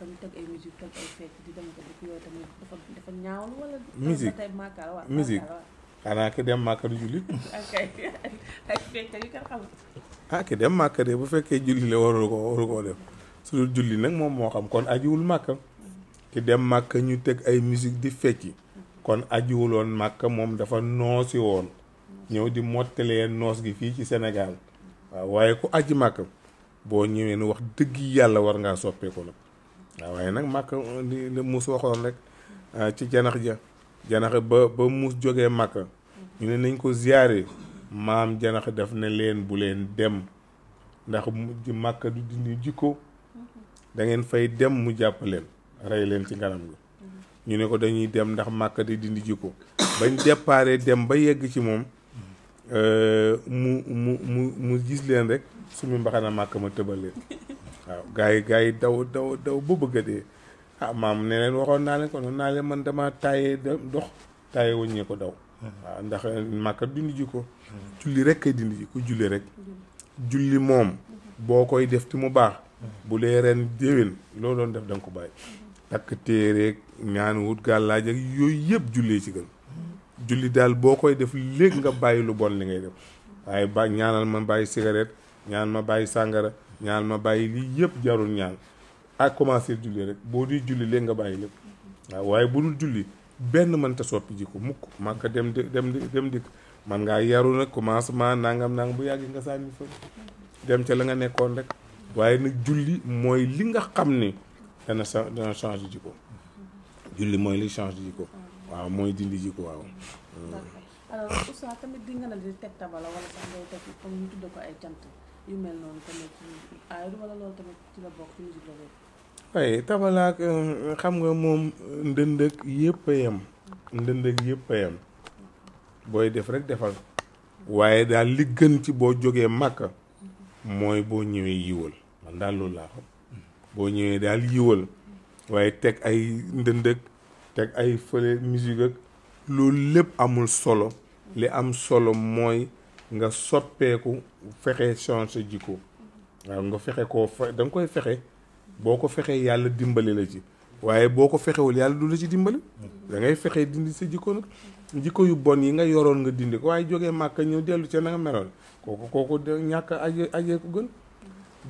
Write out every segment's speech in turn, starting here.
papa ñu xanaa ki dem màkka du jullit. ah ki dem màkka de bu fekkee julli la waru ko waru koo def su dul julli nag moom moo xam kon ajiwul màkk ki dem màkk ñu teg ay musique di fecci. kon ajiwuloon màkk moom dafa noosi woon. ñëw di mottalee noos gi fii ci Sénégal. waaye ku aji màkka boo ñëwee ne wax dëgg yàlla war ngaa soppeeku la. waaye nag màkk li la muus waxoon rek ah, ci janax ja janax ba ba muus jógee màkk ñu ne nañ ko ziyaare maam janax def ne leen bu leen dem ndax mu màkk du dindi jikko fay dem mu jàpp leen rey leen ci ngaram gi ñu ne ko dañuy dem ndax màkk di dindi jikko bañ déparé dem ba yegg ci moom euh, mu mu mu mu gis leen rek suñu mbaxana màkk ma tëbal leen waaw gaay gaay gars yi daw daw daw bu bëgg a ah maam ne waxoon naa leen ko noonu naa leen man dama taayee dox taayee wuññee ko daw. waaw ndax màkka dindi ji ko. julli rek kay dindi ji ku julli rek. julli moom. boo koy def ti mu baax. bu lee ren déwén loo doon def da nga ko bàyyi. takk téereeg ñaan wut gàllaaj ak yooyu yëpp jullee ci gën. julli daal boo koy def léegi nga bàyyi lu bon li ngay def waaye ba ñaanal ma bàyyi cigarette. ñaan ma bàyyi sàngara ñaan ma bàyyi lii yëpp jarul ñaan ak commencé julli rek boo di julli léegi nga bàyyi lépp waaw waaye bu dul julli benn mënta soppi ji ko mukk màkka dem di dem di dem man ngaa yaru nag commencement nangam nangam bu yàgg nga sànni fa dem ca la nga nekkoon rek waaye nag julli mooy li nga xam ni dana dana change jikko julli mooy li change jikko waaw mooy dindi jikko waaw yu tabalaak euh, xam nga moom ndëndëg yëpp a yem. ndëndëg yëpp booy def rekk defal. waaye daal li gën ci boo jógee màkk. mooy boo ñëwee yiwal man daal loolu laa xam. boo ñëwee daal yiwal. waaye teg ay ndëndëg teg ay fële musique ak loolu lépp amul solo. li am solo mooy. nga soppeeku fexe changer jikko waaw nga fexe koo fe da koy fexe boo ko fexee yàlla dimbali la ci waaye boo ko fexewul yàlla du la ci dimbali dangay ngay fexe dindi sa jikko nag jikko yu bon yi nga yoroon nga dindi ko waaye jógee màkk ñu dellu ca na meloon kooku kooku ñàkk aje ajee ko gën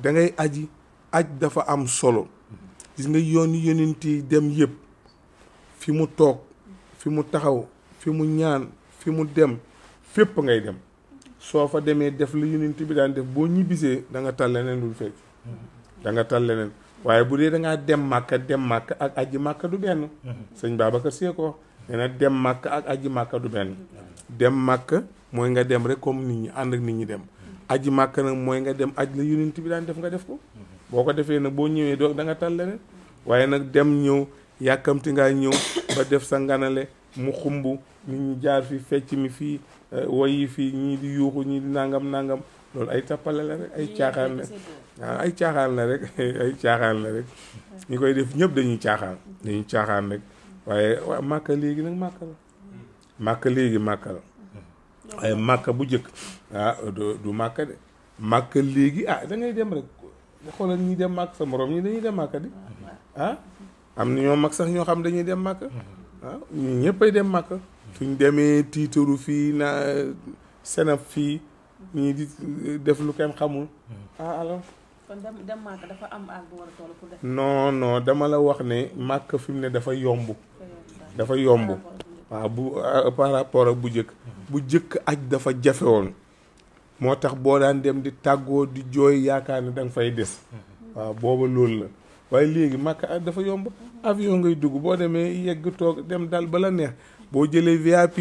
da aji aj dafa am solo gis nga yoon yonent yi dem yëpp fi mu toog fi mu taxaw fi mu ñaan fi mu dem fépp ngay dem soo fa demee def lu yonent bi daan def boo ñibbisee danga nga tal leneen lu fekk mm-hmm. da nga tal leneen waaye bu dee da ngaa dem màkka dem màkka ak aji màkka du benn mm-hmm. sëñ Babacar Sy ko nee na dem màkka ak aji màkka du benn dem màkka mooy nga dem rek comme nit ànd ak nit ñi dem mm-hmm. aji màkka nag mooy nga dem aj la bi daan def nga def ko boo ko defee nag boo ñëwee doo da nga tal leneen waaye nag dem ñëw yàkkamti ngaa ñëw ba def sa nganale mu xumb nit ñi jaar fi fecc mi fii eh, woy yi fii ñii di yuuxu ñii di nangam nangam loolu ay tappale la rek ay caaxaan la ah, ay caaxaan la rek ay la rek ñi koy def ñëpp dañuy caaxaan dañuy caaxaan rek waaye màkka léegi nag màkka la màkka léegi màkka la waaye màkka bu njëkk ah du màkka de léegi ah dem rek xoolal ñi dem màkk sa morom ñi dañuy dem màkka di ah am na ñoo mag sax ñoo xam dañuy dem màkka ah ñii ñëppay dem màkka suñ demee tiitaru fii naa senaf fii ñii di def lu kenn xamul hmm. ah alors dafa am àll bu war dama la wax ne màkk fi mu ne dafa yomb hmm. dafa yomb waaw bu par rapport ak bu jëkk ah, bu ah, jëkk hmm. aj dafa jafe moo tax boo daan dem di tàggoo di jooy yaakaar ne danga fay des waaw ah, booba loolu la waaye léegi màkk dafa yomb avion ngay dugg boo demee yegg toog dem dal bala neex boo jëlee VIP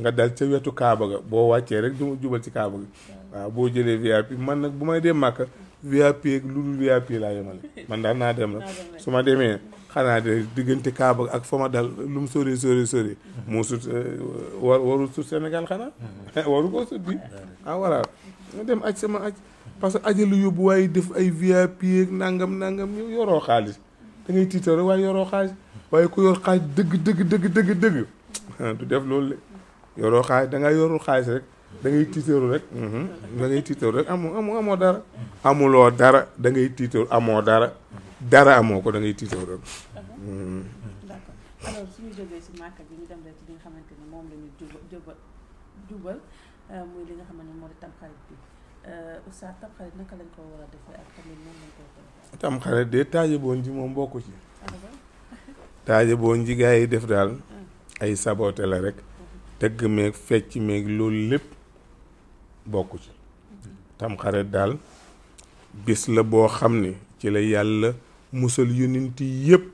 nga dal ca wetu Kaaba ga boo wàccee rek du jubal ci Kaaba ga waaw boo jëlee VIP man nag bu may dem Màkka VIP ak lu dul VIP laa yemale man daal naa dem rek su ma demee xanaa de diggante Kaaba ak fa ma dal lu sore sori sori sori moo sut eh, war warul sut Sénégal xanaa waru koo sut bi ah voilà ma dem aj sama aj parce que ajalu yóbbu waaye def ay VIP ak nangam nangam yoroo xaalis da ngay tiitaroo waaye yoroo xaalis waaye ku yor xaalis dëgg dëgg dëgg dëgg dëgg Ah, du def loolu de yoroo xaalis da nga xaalis rek da ngay rek mhm. da ngay rek amoo dara amuloo dara dangay ngay amoo dara dara amoo ko da ngay tiitaru rek mhm. Mhm. alors suñu jógee ci li nga xamante tamxarit de taaje boon ji moom bokku ci ah, taaje boon ji gars yi def daal ay saboote la rekk tëgg meeg fecc meeg loolu lépp bokku ci tamxarit daal bis la boo xam ne ci la yàlla musal yonent yépp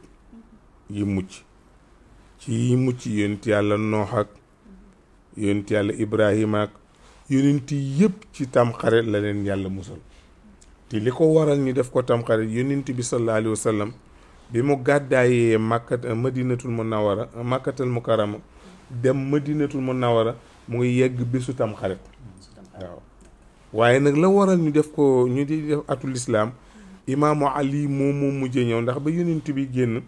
yi mucc ci mucc yonent yàlla noox ak yonent yàlla ibrahima ak yonent yépp ci tamxarit la leen yàlla musal te li ko waral ñu def ko tamxarit yonent bi sallallahu alayhi wa bi mu gàddaayee màkkat euh, madinatul munawara euh, mu karama dem madinatul munawara mu ngi yegg bisu tam waaw waaye nag la waral ñu def ko ñu di def atul islaam imaamu ali moom moo mujjee ñëw ndax ba yonent bi génn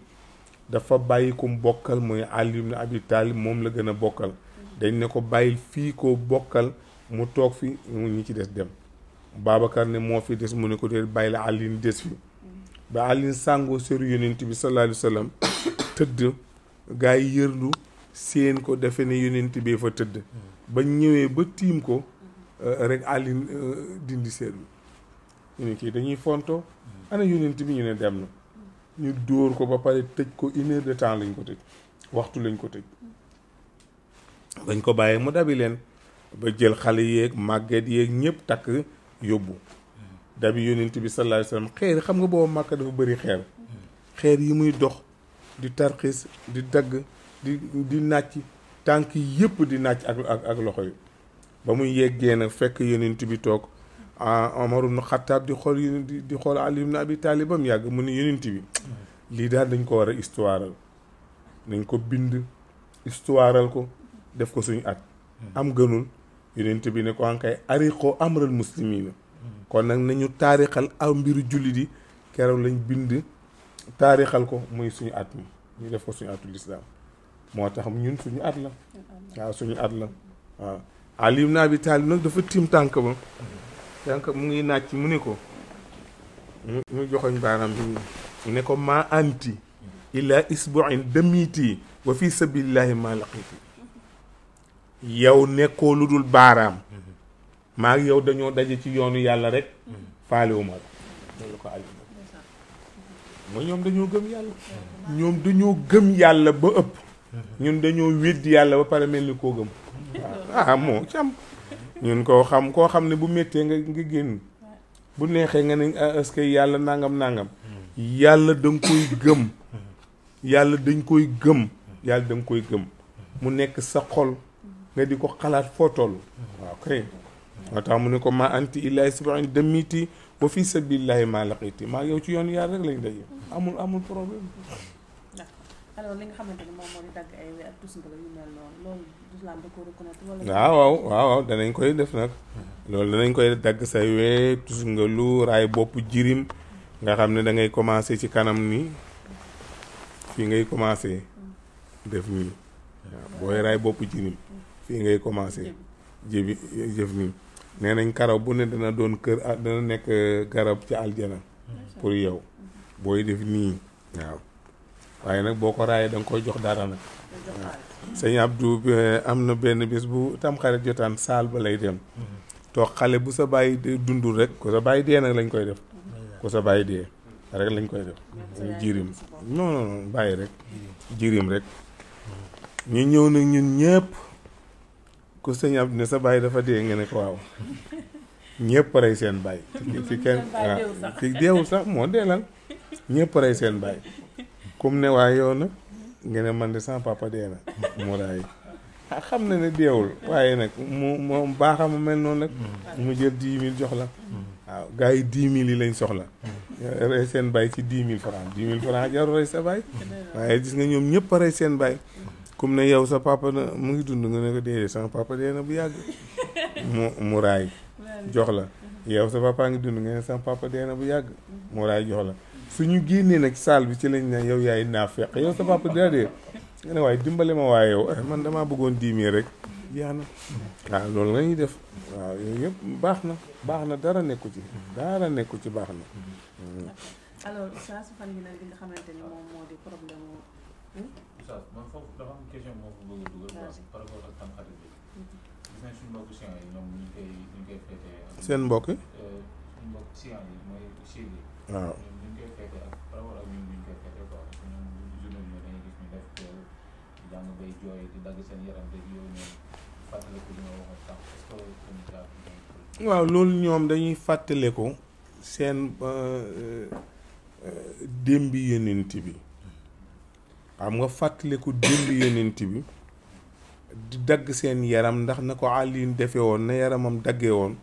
dafa bàyyi ko bokkal muy ali ibn abi taalib moom la gën a bokkal dañ ne ko bàyyil fii ko bokkal mu toog fi ñu ci des dem Babacar ne moo fi des mu ne ko dee bàyyil ali ni des fi ba Alioune sàngoo seeru yonent bi sallallahu alayhi wa sallam tëdd gaa yi yërlu seen ko defe ne yonent bee fa tëdd hmm. ba ñëwee ba tiim ko euh, rek Alioune euh, dindi seeru ñu ne kii dañuy fonto hmm. ana yonent bi ñu ne dem na ñu dóor ko ba pare tëj ko une heure de temps lañ ko tëj waxtu lañ ko tëj bañ ko bàyyee mu dabi leen ba jël xale yeeg màgget yeeg ñëpp takk yóbbu dabi yonent bi sallallahu alayhi wa sallam xeer yi xam nga booba màkka dafa bëri xeer xeer yi muy dox di tarxiis di dagg di di nàcc tànk yëpp di nàcc ak ak loxo yi ba muy yeggee nag fekk yonent bi toog Omar ibn Xattaab di xool di di xool Ali ibn Abi Taalib ba mu yàgg mu ne yonent bi lii daal dañ ko war a histoireal dañ ko bind histoireal ko def ko suñu at am gënul yonent bi ne ko ankay ariqo amral muslimina kon nag nañu taarixal aw mbiru jullit yi keroog lañ bind taarixal ko muy suñu at mi ñu def ko suñu atul tax ñun suñu at la waaw suñu at la waaw alim naa bi taalib nag dafa tiim tànk ba tànk mu ngi nàcc mu ne ko mu joxoñ baaraam bi ne ko maa anti ila isbuin damitii wa fi sabilillahi maa laqiti yow nekkoo lu dul baaraam maa yow dañoo daje ci yoonu yàlla rek mm. faalewuma la loolu ñoom dañoo gëm yàlla ñoom dañoo gëm yàlla ba ëpp mm-hmm. ñun dañoo weddi yàlla ba pare mel ni koo gëm mm-hmm. ah moo càmm ñun koo xam koo xam ne bu mettee nga nga génn bu neexee nga ne ah, est yàlla nangam nangam yàlla da koy gëm mm. yàlla dañ koy gëm yàlla da nga koy gëm mm-hmm. mu nekk sa xol nga di ko xalaat foo toll waaw kay moo tax mu ne ko maa anti illaahi sibaani demiti wa fi sabilillahi maa laqiti ci yoon yàlla rek lañ daje amul amul waaw waaw waaw danañ koy def nag loolu danañ koy dagg say wéy tus ngelu raay bopp jirim nga xam ne dangay ngay commencé ci kanam nii fii ngay commencé def nii waaw booy raay bopp jirim fii ngay commencé jëf nii. nee nañ karaw bu ne dana doon kër ah, dana nekk eh, garab ci aljana pour yow booy def nii waaw waaye nag boo ko raayee danga nga koy jox dara nag waaw sëñ Abdou eh, am na benn bis bu tamxarit jotaan saal ba lay dem toog xale bu sa bàyyi dundu rek ku sa bàyyi dee nag lañ koy def ku sa lañ koy def jirim non non bàyyi rek jirim rek ñu ñëw nag ñun ñëpp ku sëñ ab ne sa bàyyi dafa dee nga ne ko waaw ñëpp rey seen bàyyi ci kenn ci deewul sax moo deelal ñépp rey seen bàyyi comme ne waa yow nag nga ne man de sama papa dee na mu raay ah, xam na ne deewul waaye nag mu moom baaxam mel noonu nag mm. mu jël dix mil jox la waaw gaa yi dix mille yi lañ soxla mm. rey seen bàyyi ci dix mille franc dix mille franc jaru rey sa bàyyi waaye gis nga ñoom ñëpp rey seen bàyyi comme ne yow sa papa na mu ngi dund nga ne ko déedéet dee na bu yàgg mu mu jox la yow sa papa ngi dund nga ne sama papa dee na bu yàgg mm-hmm. mu raay jox la suñu génnee nag saal bi ci lañ ne yow yaay naafeq yow sa papa dee dee nga ne waaye dimbale ma waaye eh, man damaa bëggoon diimee rek yaa na waaw loolu la ñuy def waaw yooyu yëpp baax na baax na dara nekku ci dara nekku ci baax na mm-hmm. mm. Oustaz man seen mbokk suñu waaw ñoom ñoom dañuy gis ñu seen yaram te loolu ñoom dañuy fàttaliku seen э, э, э, démb yenent bi xam nga fàttaliku démb yonent bi di dagg seen yaram ndax na ko àllin defe woon na yaramam dagge woon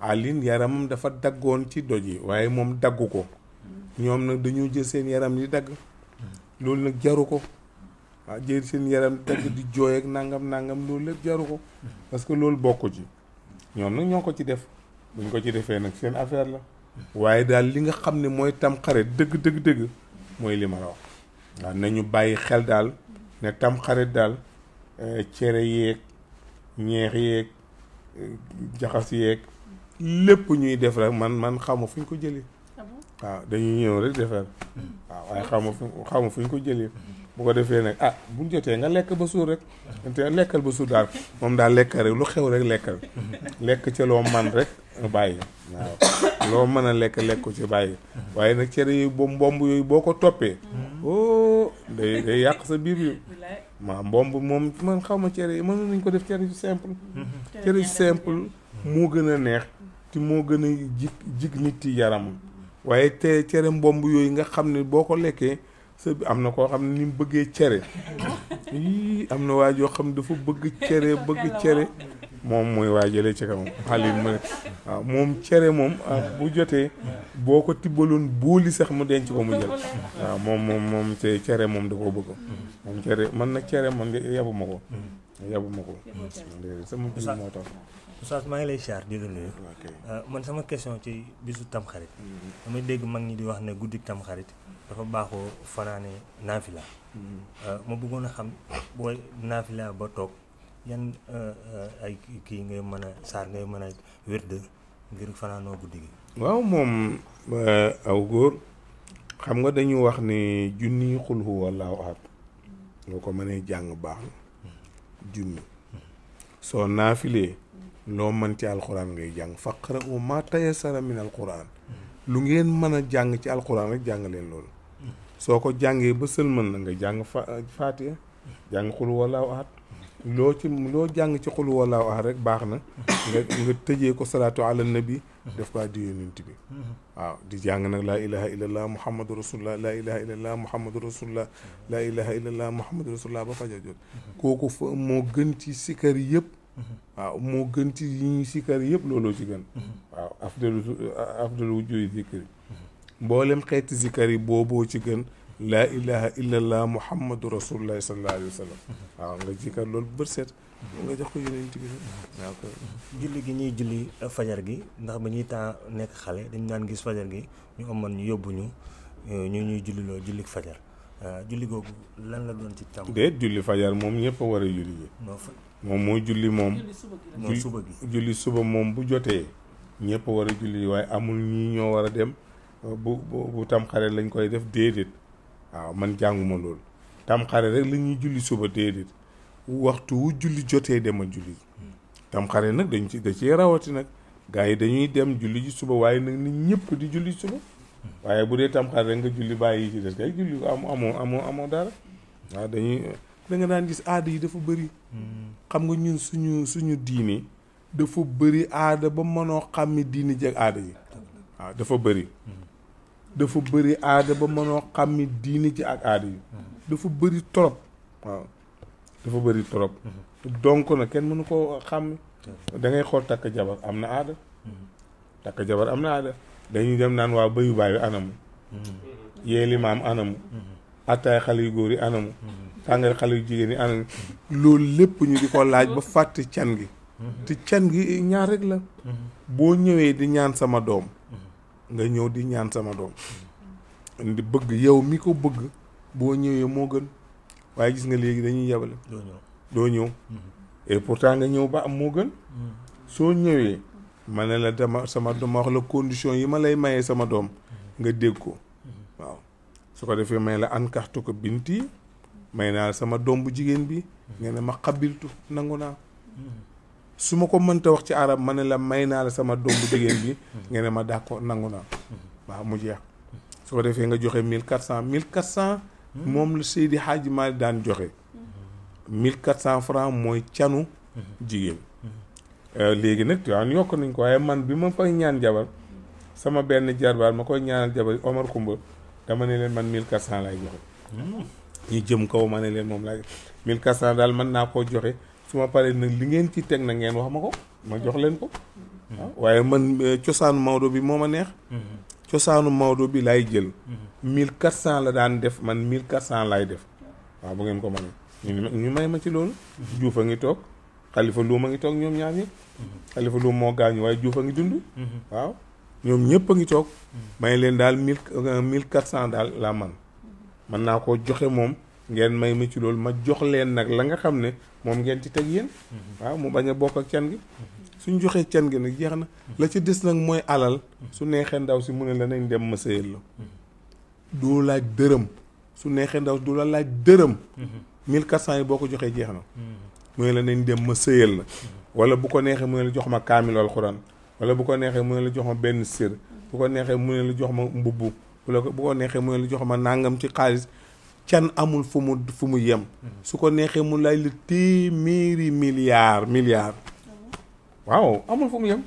àllin yaramam dafa daggoon ci doj yi waaye moom daggu ko ñoom nag dañoo jël seen yaram di dagg loolu nag jaru ko waaw ah jël seen yaram dagg di jooy ak nangam nangam loolu lépp jaru ko parce que loolu bokk ji ñoom nag ñoo ko ci def buñ ko ci defee nag seen affaire la waaye daal li nga xam ne mooy tam xare dëgg dëgg dëgg mooy li la wax waa waaw ñu bàyyi xel daal ne tamxarit daal eh, cere yeeg ñeex yeeg eh, jaxas yeeg lépp ñuy def rek man man xamu fu ñu ko jëlee ah waaw dañuy ñëw rek defar waaw waaye xamu fu xamu fu ñu ko jëlee bu ko defee nag ah bu ñu jotee nga lekk ba suur rek te lekkal ba suur daal moom daal lekk rek lu xew rek lekkal lekk ca loo man rek bàyyi waaw loo mën a lekk lekk ci bàyyi waaye nag cere yooyu bomb yooyu boo ko toppee. Mm. Oh, day day yàq sa biir yu ma mbomb moom man xaw ma cere yi mënoon nañ ko def cere yu simple cere simple moo gën a neex te moo gën a jig jig nit ci yaram waaye te cere mbomb yooyu nga xam ne boo ko lekkee sa am na koo xam ne ni bëggee cere am na waa joo xam ne dafa bëgg cere bëgg cere moom mooy waa jële ci kawam xaalis mu ne waaw moom cere moom ah, bu jotee boo ko tibbaloon booli sax mu denc ko mu jël waaw moom moom moom te cere moom da koo bëgg moom man nag cere man yabuma ko yabuma ko sama kii maa ngi lay char di la nuyu ah, man sama question ci bisu tamxarit damay dégg mag ñi di wax ne guddi tamxarit dafa baaxoo fanaane naafila mm-hmm. ah, ma bëggoon a xam booy naafila ba toog yan eh, eh, ay kii ngay mën a saar ngay mën a wérd ngir fanaanoo guddi gi waaw moom eh, aw góor xam nga dañu wax ne junni xul huwa allahu ahad nga ko mënee jàng baax na junni soo naafilee loo mën ci alxuraan ngay jàng faqra u ma tayassara min alxuraan lu ngeen mën a jàng ci alxuraan rek jàng leen loolu mm. soo ko jàngee ba sëlman na nga jàng fa faatiya jàng xul huwa allahu ahad loo ci loo jàng ci xul wallaahu ahad rek baax na nga nga tëjee ko salaatu ala nabi def ko addi yonent bi waaw di jàng nag laa ilaha illallah muhammadu rasulullah laa ilaha illallah muhammadu rasulullah ba faja jot kooku fa moo gën ci sikar yëpp waaw moo gën ci yi ñuy sikar yëpp looloo ci gën waaw afdalu afdalu wujuhi zikri mboolem xeeti zikar booboo ci gën laa ilaha illallah muhammadu rasulullah sallallahu alayhi wa sallam waaw nga jikkar loolu bët seet nga jox julli gi ñuy julli fajar gi ndax ba ñuy temps nekk xale dañ daan gis fajar gi ñu man ñu yóbbu ñu euh, ñu ñuy julliloo julli fajar euh, julli googu lan la doon ci tam déet julli fajar moom ñëpp a war a julli ji moom moo julli moom suba gi julli suba moom bu jotee ñëpp a war a julli waaye amul ñi ñoo war a dem bu bu tam xale lañ koy def déedéet waaw man jànguma loolu tamxare rek la ñuy julli suba déedéet waxtu wu julli jotee dema julli tamxare nag dañ ci da ciy rawati nag gars yi dañuy dem julli ji suba waaye nag nit ñëpp di julli suba waaye bu dee tamxare rek nga julli bàyyi yi ci des kay julli ko am amoo amoo amoo dara waaw dañuy danga daan gis aada yi dafa bëri xam nga ñun suñu suñu diini dafa bari aada ba mënoo xam ni diini jeg aada yi dafa bëri dafa bëri aada ba mënoo xàmmi diini ci ak aada yi dafa bëri trop waaw dafa bari trop mm-hmm. donc na kenn mënu koo xàmmi da ngay xool takk jabar am na aada mm-hmm. takk jabar am na aada dañuy dem naan waa bayu baayu anamu mm-hmm. yeeli maam anamu attaay xale yu góor yi anamu sàngal xale yu jigéen yi anamu loolu lépp ñu di ko laaj ba fàtte can gi te can gi ñaar rek la boo ñëwee di ñaan sama doom nga ñëw di ñaan sama doom di bëgg yow mi ko bëgg boo ñëwee moo gën waaye gis nga léegi dañuy yabale doo ñëw mm-hmm. et pourtant nga ñëw ba am moo gën mm-hmm. soo ñëwee ma ne la dama sama dama wax la condition yi ma lay mayee sama doom mm-hmm. nga dégg ko waaw su ko defee may la ankaxtu ko yi may naa sama doom bu jigéen bi nga ne ma xabiltu nangu naa su ma ko mënta wax ci arab ma ne la may naa la sama doom bu jigéen bi nga ne ma d'accord nangu naa waaw mu jeex soo defee nga joxe mille quatre cent mille quatre cent moom la Seydi Hadji Malick daan joxe mille quatre cent francs mooy canu jigéen euh, léegi nag tuwaan yokk nañ ko waaye man bi ma koy ñaan jabar sama benn jarbaar ma koy ñaanal jabar Omar Kumba dama ne leen man mille quatre cent lay joxe hmm. ñu jëm kaw ma ne leen moom laay mille quatre cent daal mën naa koo joxe su ma paree nag li ngeen ci teg na ngeen wax ma ko ma jox leen ko ah, waaye man eh, cosaanu Maodo bi moo ma neex mm-hmm. cosaanu Maodo bi laay jël mm-hmm. mille quatre cent la daan def man mil quatre cent laay def waaw bu ngeen ko man ñu may ma ci loolu mm-hmm. Juuf a ngi toog Xalifa Luum a ngi toog ñoom ñaar ñëpp Xalifa Luum moo gaañu waaye Juuf a ngi dund waaw ñoom ñëpp a ngi toog may leen daal mille euh, mille quatre cent daal laa man mën naa ko joxe moom ngeen may ma ci loolu ma jox leen nag la nga xam ne moom ngeen ci teg yéen waaw mu bañ a bokk ak can gi suñ joxee cen gi nag jeex na la ci des nag mooy alal su neexee ndaw si mu ne la nañ dem ma sëyal la doo laaj dërëm su neexee ndaw si la laaj dërëm mille quatre cent yi boo ko joxee jeex na mu la nañ dem ma sëyal la wala bu ko neexee mu ne la jox ma kaamil alxuraan wala bu ko neexee mu ne la jox ma benn sër bu ko neexee mu ne la jox ma mbubb wala bu ko neexee mu ne la jox ma nàngam ci xaalis can amul fu mu fu mu yem su ko neexee mu lay la téeméeri milliard milliard waaw amul fu mu yem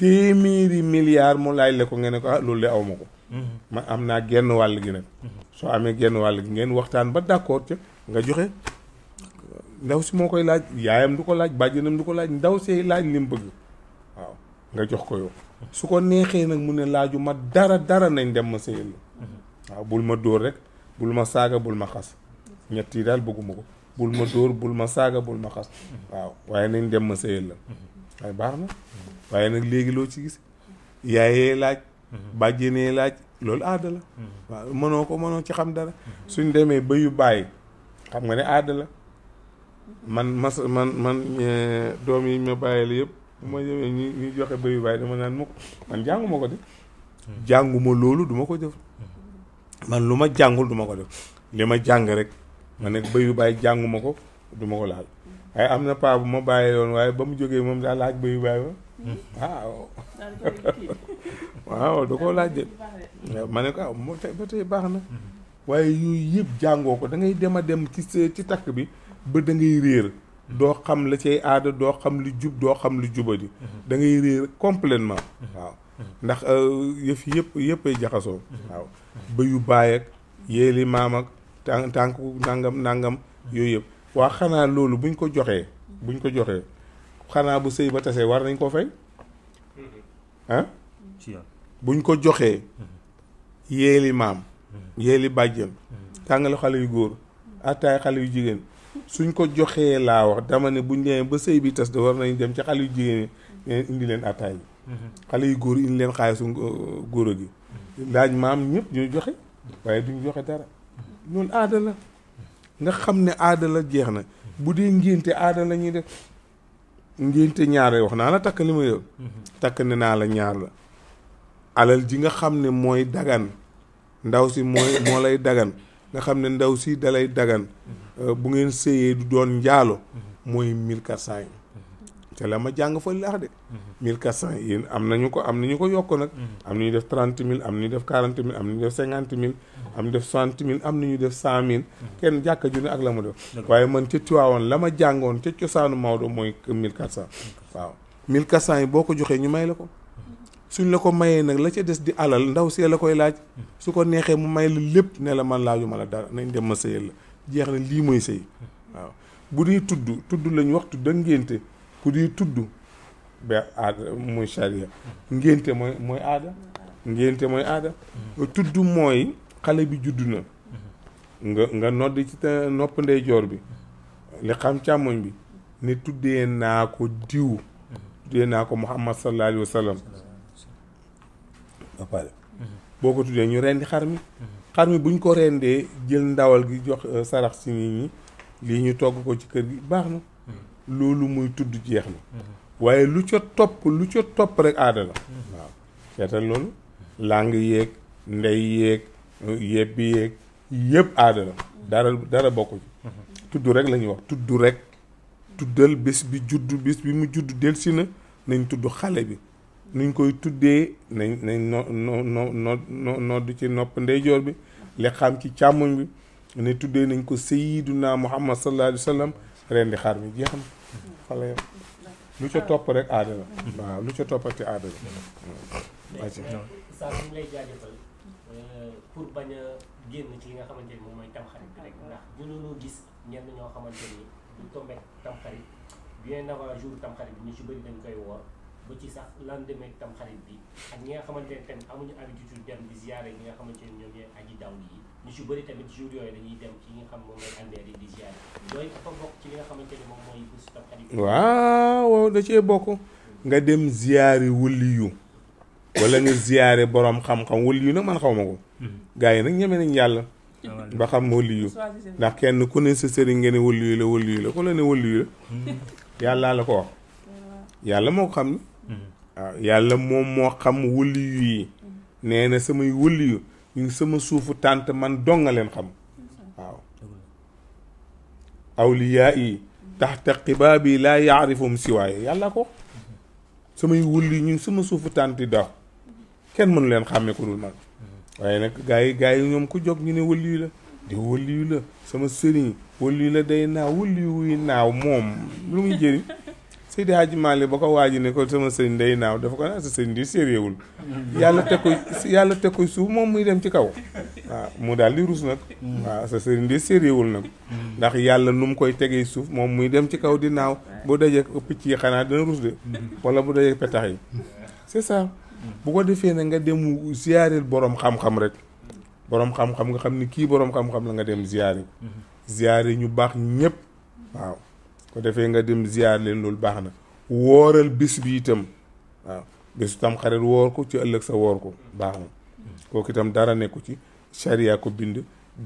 téeméeri milliard mu laaj la ko nga ne ko ah loolu de aw ma ko mhm. ma am naa genn wàll gi nag mhm. soo amee genn wàll gi ngeen waxtaan ba d'accord ca nga joxe ndaw si moo koy laaj yaayam du ko laaj bàjj bàjjanam du ko laaj ndaw see laaj li bëgg waaw nga jox ko yow su ko neexee nag mu ne laaju ma dara dara nañ dem ma sëyal la mhm. waaw bul ma dóor rek bul ma saaga bul ma xas ñett yi daal bëgguma ko bul ma dóor bul ma saaga bul ma xas waaw waaye nañ dem ma sëyal la waaye baax na waaye nag léegi loo ci gis yaayee laaj bàjjenee laaj loolu aada mënoo ko mënoo ci xam dara suñ demee ba yu bàyyi xam nga ne aada la man mas man man eh, doom yi ma bàyyi la yëpp ma ñëwee ñu joxe ba yu bàyyi dama naan mukk man jànguma ko de jànguma loolu duma ko jëf man lu ma jàngul du ko def li ma jàng rek ma nekk yu bàyyi jànguma ko du ma ko laal waaye am na paa bu ma bàyyi loon waaye ba mu jógee moom daa laaj ba yu ma waaw waaw da koo laaj de ma ne ko ah moo tey ba tey baax na waaye yooyu yëpp jàngoo ko da ngay dem a dem ci ci takk bi ba da ngay réer doo xam la cay aada doo xam lu jub doo xam lu jubal yi mhm. dangay réer complètement waaw ndax euh, yëf yëpp yëppay jaxasoo. waaw yu baay ak yéeli maam ak tànk tànk nangam nangam yooyu yëpp. waa xanaa loolu buñ ko joxee buñ ko joxee xanaa bu sëy ba tasee war nañ ko fay. ah. buñ ko joxee yéeli maam. yéeli bàjjen. tàngal xale yu góor attaay xale yu jigéen. suñ ko joxee laa wax dama ne buñ demee ba sëy bi tas de war nañ dem ci xale yu jigéen ñi eh, indi leen attaay bi xale yu góor indi leen xaalisu uh, góor a gi laaj maam ñëpp ñuy joxe waaye duñ joxe dara loolu aada la nga xam ne aadala jeex na bu dee ngénte aada la ñuy def ngénte ñaar wax naa la takk li ma yow takk ne naa la ñaar la alal ji nga xam ne mooy dagan ndaw si mooy moo lay dagan nga xam ne ndaw si dalay dagan uh, bu ngeen séyee du doon njaalo mooy mille quatre cent yi te la ma jàng fa laax de. 1400 mhm. yéen am nañu ko am ñu ko yokk nag. am ñu def 30 000 am nañu def 40 000 am nañu def 50 mil am nañu def 60 000 mhm. am nañu def cent 000. Mhm. kenn jàkka ju ne ak la mu def. waaye man ca Tiwaawoon la ma jàngoon ca cosaanu Maodo mooy 1400. waaw 1400 yi boo ko joxee ñu may la ko. suñ la ko mayee nag la ca des di alal ndaw see la koy laaj. su ko neexee mu may la lépp ne la man laajuma la dara nañ dem ma sëyal la jeex na lii mooy sëy. waaw bu dee tudd tudd lañ wax tudd ngénte ku di tudd ba aada muy charia ngénte mooy mooy aada ngénte mooy aada tudd mooy xale bi judd na nga nga nodd ci te nopp ndeyjoor bi li xam càmmoñ bi ni tuddee naa ko diw tuddee naa ko muhammad sallallahu alayhi boo ko tuddee ñu rendi xar mi xar mi buñ ko rendee jël ndawal gi jox euh, sarax si nit ñi lii ñu togg ko ci kër gi baax na loolu muy tudd jeex na mhm. waaye lu ca topp lu ca topp rek aada la mhm. waaw seetal loolu làng yeeg ndey yeeg yebbi yeeg yëpp aada dara dara bokk mhm. tudd rek la wax tudd rek tuddal bés bi judd bis bi mu judd delsi na nañ tudd xale bi nuñ koy tuddee nañ nañ no no no no no nodd ci nopp ndeyjoor bi li xam ci càmmoñ bi ne tuddee nañ ko sayyiduna muhammad sallallahu alayhi wa sallam rendi xar mi jeex na fa la lu ca topp rek aada la waaw lu ca toppati aada la waaw saa ñu lay jaajëfal euh, pour bañ a génn ci li nga xamante ni moom mooy tamxarit bi rek ndax dinañoo gis ñenn ñoo xamante ni du tombé tamxarit bien avant jour tamxarit bi ñu ci bëri dañ koy woor bu ci sax lendemain tamxarit bi ak ñi nga xamante ne tamit amuñu habitude dem di ziare ñi nga xamante ni ñoom ñooy aji daw yi ñu si bëri bokk nga xamante ne moom mooy bés tam xarit waaw da cee bokk nga dem ziyaari wëliyu wala nga ziyaare borom xam-xam wëliyu nag man xaw ma ko mhm. gars yi nag ñeme nañ yàlla ba xam wëliyu ndax kenn ku ne sa sëriñ nga ne wëliyu la wëliyu la ku la ne la mhm. yàllaa la ko wax yàlla moo ko xam ni waaw mhm. ah, yàlla moom moo xam wëliyu yi nee na samay wëliyu ñun sama suufu tànt man donga leen xam waaw awliyaa yi taxta xibaab yi laa yaarifum siwaay yàlla ko samay wulli ñun sama suufu tànt yi daaw kenn mënu leen xàmmee ko dul man waaye nag gaa yi gaa yi ñoom ku jog ñu ne wëlliyu la di wëlliyu la sama sëriñ wëlliyu la day naaw wëlliyu wuy naaw moom lu muy jëriñ Seydi Hadji Malick ba ko waaji ne ko sama sëriñ day naaw dafa ko naan sa sëriñ di séeréewul yàlla teg ko yàlla teg ko suuf moom muy dem ci kaw waaw mu daal di rus nag waaw sa sëriñ di séeréewul nag ndax yàlla nu mu koy tegee suuf moom muy dem ci kaw di naaw bu dajee picc yi xanaa dina rus de wala bu dajee petax yi c'est ça bu ko defee ne nga dem ziyaareel borom xam-xam rek boroom xam-xam nga xam ni kii boroom xam-xam la nga dem ziyaare ziyaare ñu baax ñëpp ko defee nga dem ziyaar leen loolu baax na wooral bis bi itam waaw bisu tam xarit ko ci ëllëg sa woor ko baax na kooku itam dara nekku ci sariya ko bind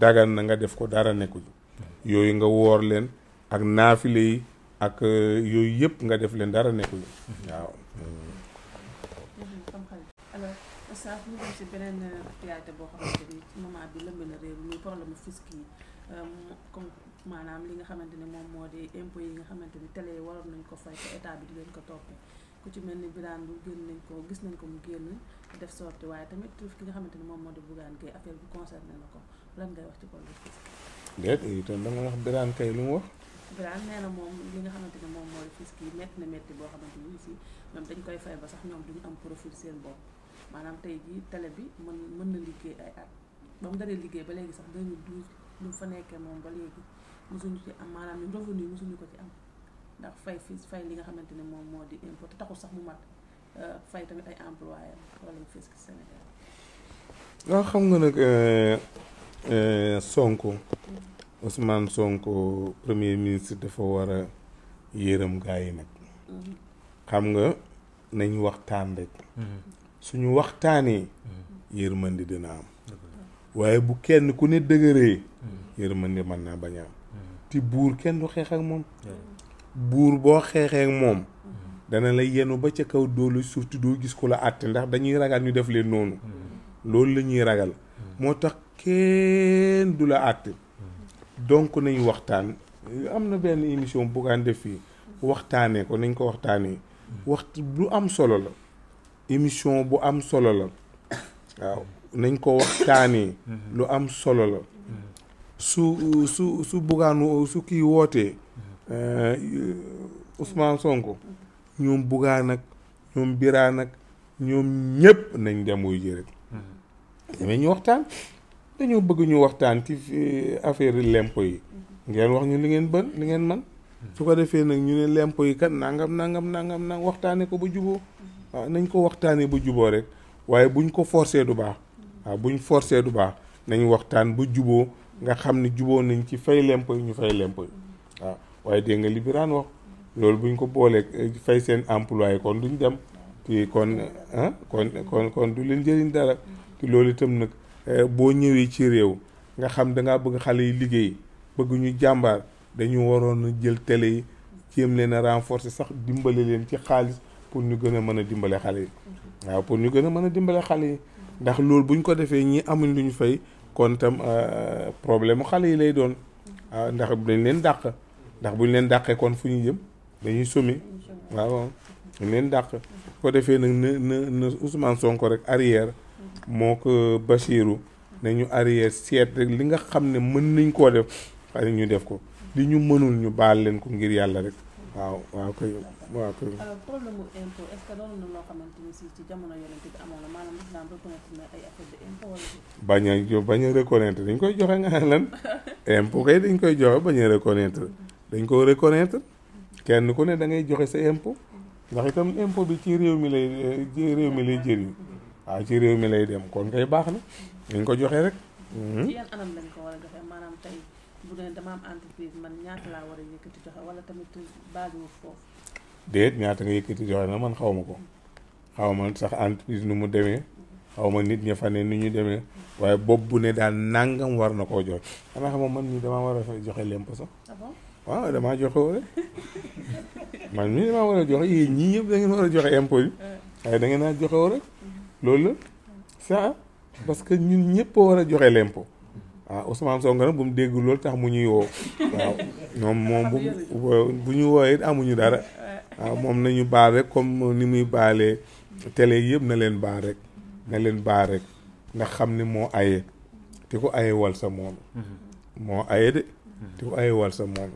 dagan na nga def ko dara nekku ci yooyu nga woor leen ak naafile yi ak euh, yooyu yépp nga def leen dara nekku yi maanaam li nga xamante ne moom moo di impôts yi nga xamante ni télé yi waroon nañ ko fay te état bi di leen ko toppee ku ci mel ni Birane bu génn nañ ko gis nañ ko mu génn def sorti waaye tamit ki nga xamante ni moom moo di Bougane Gueye affaire bi na ko lan ngay wax ci kon déet itam dama wax wax Birane na moom li nga xamante ne moom moo di fisc yi métti na métti boo xamante ni si ñoom dañ koy fay ba sax ñoom duñu am profil seen bopp maanaam tey jii télé bi mën mën na liggéey ay at ba mu daree liggéey ba léegi sax 2012 lu mu fa nekkee moom ba léegi mosuñu ci am maanaam ñun revenu mosuñu ko ci am ndax fay fii fay li nga xamante ne moom moo di impôt te sax mu mat euh, fay tamit ay employé xam nga nag euh, euh, Sonko Ousmane Sonko premier ministre yi nag. Mhm. nga nañu waxtaan rek. Mhm. suñu waxtaanee. Mhm. am. waaye bu kenn ku ne dëgëree. yërmandi mën naa bañ a am. te buur kenn du xeex moom buur boo xeexee moom mm-hmm. dana la yenu ba ca kaw doolu suuf te doo gis ku la àtte ndax dañuy ragal ñu def leen noonu mm-hmm. loolu lañuy ragal mm-hmm. moo tax kenn du la àtte donc nañu waxtaan am na benn émission bu fii waxtaanee nañ ko waxtaanee waxtu lu am solo la émission bu am solo la waaw nañ ko waxtaanee lu am solo la su su su bugaanu su kii wootee eh, Ousmane sonk ñoom bugaan ak ñoom biraan ak ñoom ñëpp nañ dem wuy ji rek. demee ñu waxtaan dañoo bëgg ñu waxtaan ci eh, affaire lempo yi. ngeen wax ñu li ngeen bën li ngeen man su ko defee nag ñu ne lempo yi kat nangam nangam nangam nangam waxtaanee ko ba juboo waaw ah, nañ ko waxtaanee ba juboo rek waaye buñ ko forcé du baax waaw ah, buñ forcé du baax nañ waxtaan ba juboo nga xam ne juboo nañ ci fay lempo yi ñu fay lempo yi waaw waaye dégg nga li Birane wax loolu buñ ko boolee eh, fay seen employé kon ñu dem te kon ah kon kon kon du leen jëriñ dara te loolu itam nag eh, boo ñëwee ci réew nga xam da bëgg xale yi liggéey bëgg ñu jàmbaar dañu waroon jël télé yi jéem leen a renforcer sax dimbale leen ci xaalis pour ñu gën a mën a dimbale xale yi mm-hmm. waaw pour ñu gën a mën a dimbale xale yi ndax loolu buñ ko defee ñii amuñ lu ñu fay kon tam euh, problème mu xale yi lay doon ah, ndax dañ leen dàq ndax buñ leen dàqee kon fu ñu jëm dañuy sommer waaw dañ leen dàq foo defee nag na na na Ousmane Sonko rek arrière moo ko Bachirou nañu arrière seet rek li nga xam ne mën nañ koo def xëy ñu def ko li ñu mënul ñu baal leen ko ngir yàlla rek waaw waaw kay waaw kay. Euh, problème mu impôt jamono yonent bi amoon na bañ a dañ koy joxe nga lan impôt kay dañ koy joxe bañ a reconnaître dañ koo reconnaître kenn ku ne da ngay joxe sa impôt ndax itam impôt bi ci réew mi lay ci réew mi lay waaw ci réew mi lay dem kon kay baax na dañ ko joxe rek. nga ne dama am entreprise man ñaata a nga yëkkati joxe na man xaw ma ko xaw ma sax entreprise nu mu demee xawma nit ñi fa ne ni ñu demee waaye bopp bu ne daal nangam war na koo joxe xanaa xam man mii dama war a joxe lemp sax. Ah waaw dama joxe wala man mii damaa war a joxe yéen ñii yëpp da war a joxe impôt yi eh. waaye da ngeen naa joxe wala mm-hmm. loolu la ça mm-hmm. parce que ñun ñëpp war a joxe lempo waaw ah, Ousmane Sonko nag bu mu dégg loolu tax mu ñuy woo moom moom bu bu ñu wooyee amuñu dara waaw ah, moom nañu baal rek comme ni muy baalee télé yëpp na leen baal rek na leen baal rek ndax xam ni moo aye te ko aye wal sa moom moo aye de te aye wal sa moom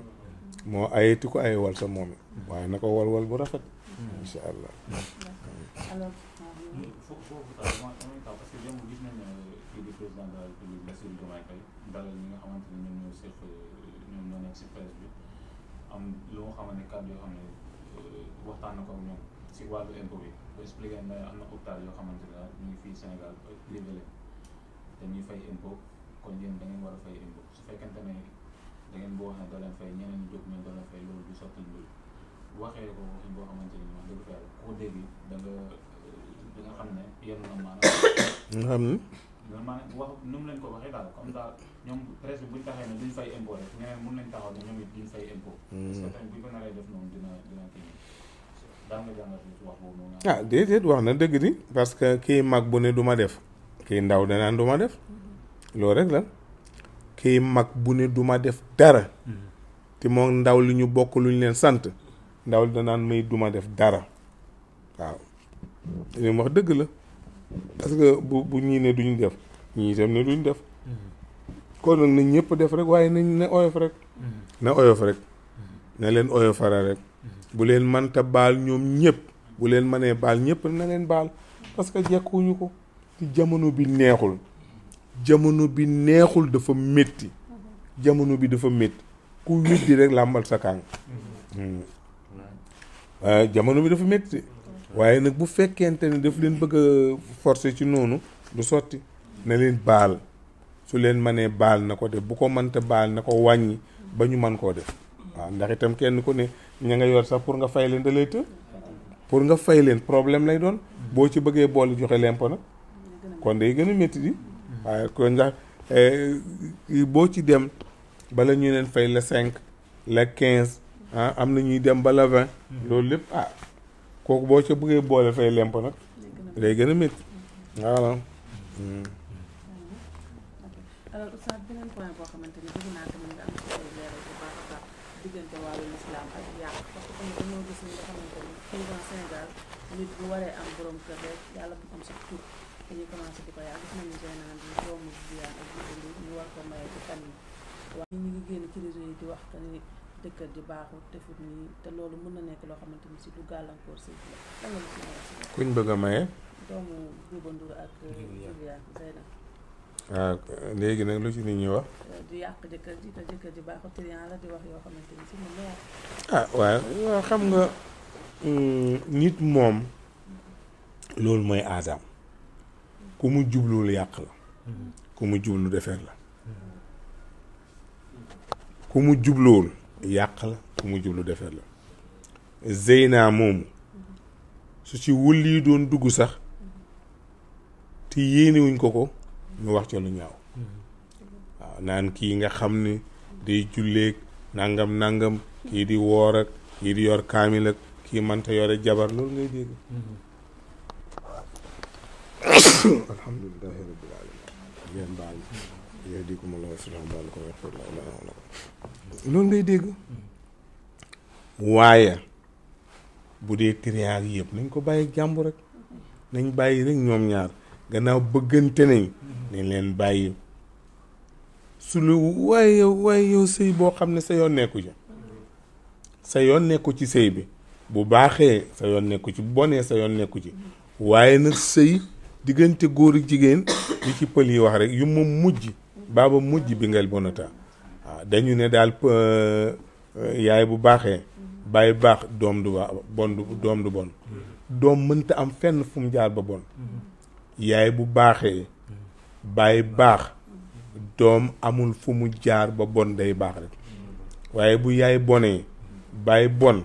moo aye te waaye na ko wal wal bu rafet nekk si presse bi am lu nga xam ne kàddu yoo xam ne euh, waxtaan na ko ak si wàllu impôt bi bu expliqué am na yoo xamante ne ñu ngi fii Sénégal euh, privé ñuy fay impôt kon yéen da ngeen a fay su fekkente ne da boo wax ne doo fay ñeneen ñi jóg ne doo leen fay waxee ko boo xamante ne wax dëgg euh, da nga xam ne yenn na maanaam. nga mu leen ko waxee daal comme daal. ñoom mm. wax ah déedéet wax na dëgg di parce que kii mag bu ne du def kii ndaw danaan du def mm-hmm. loolu rek la kii mag bu ne du ma def dara mm-hmm. te moom ndaw li ñu bokk luñ leen sant ndaw li danaan may duma def dara waaw li wax dëgg la parce que bu bu ñii ne duñ def ñii itam ne duñ def. Mm-hmm. kon nag nañ ñëpp def rek waaye nañ ne oyof rek na oyof rek na leen oyofara rek bu leen manta baal ñoom ñëpp bu leen mënee baal ñëpp na leen baal parce que jekkuñu ko ci jamono bi neexul jamono bi neexul dafa métti jamono bi dafa métti ku weddi rek làmbal sa kàng hmm. jamono bi dafa métti waaye nag bu fekkente ne daf leen bëgg a forcer ci noonu du sotti na leen baal su leen mënee baal na ko def bu ko mënta baal na ko wàññi ba ñu mën koo def waaw ndax itam kenn ko ne ña nga yor sax pour nga fay leen da lay pour nga fay leen problème lay doon boo ci bëggee boole joxe lempo nag kon day gën a métti di waaye kon ndax eh, boo ci dem bala ñu leen fay la cinq la quinze ah am na ñuy dem ba loolu lépp ah kooku boo ca bëggee boole fay lempo nag gën a métti hmm. beneen point boo xamante ni bëgg naa tamit nga am ci ay leeral bu baax a baax diggante wàllu lislaam ak yàq parce que tamit dañoo gis ñi nga xamante ni souvent Sénégal nit bu waree am borom kër rek yàlla bu am sax tur dañuy commencé di ko yàq gis nañu général bi doomu Viviane ak Vivi ñu war ko maye ci kan yi waaye ñu ngi génn ci réseau yi di wax que ni dëkkër ji baaxul defut nii te loolu mën na nekk loo xamante ni si du gàllankoor si la lan nga lu si kuñ bëgg a maye doomu Bouba Ndour ak Viviane Zeyna waaw léegi nag lu ci nit ñi wax. du yoo ah, xam nga mm, nit moom loolu mooy aadam ku mu jubluwul yàq la ku mu jublu defeer la ku mu jubluwul yàq la ku mu jublu defeer la Zeyna moomu su ci wël yi doon dugg sax te yéenewuñ ko ko. ñu wax ca ñaaw waaw naan kii nga xam ni day julleeg nangam nangam kii di woor ak kii di yor kaamil ak kii mënta yore jabar loolu ngay dégg alhamdulilahi rabbil alamin yéen baal yéen waaye bu dee triyaar yëpp nañ ko bàyyi jàmbu rek nañ bàyyi rek ñoom ñaar gannaaw bëggante nañ nañ leen bàyyi su lu waaye yow waaye yow sëy boo xam ne sa yoon nekku ci sa yoon nekku ci sëy bi bu baaxee sa yoon nekku ci bu bonee sa yoon nekku ci waaye nag sëy diggante góor ak jigéen li ci pël yi wax rek yu ma mujj baaba mujj bi ngel bonata waaw dañu ne daal euh, euh, yaay bu baaxee bàyyi baax doom du baax bon doom mënta am fenn fu mu jaar ba bon yaay bu baaxee bàyyi baax doom amul fu mu jaar ba bon day baax rek waaye bu yaay bonee bàyyi bon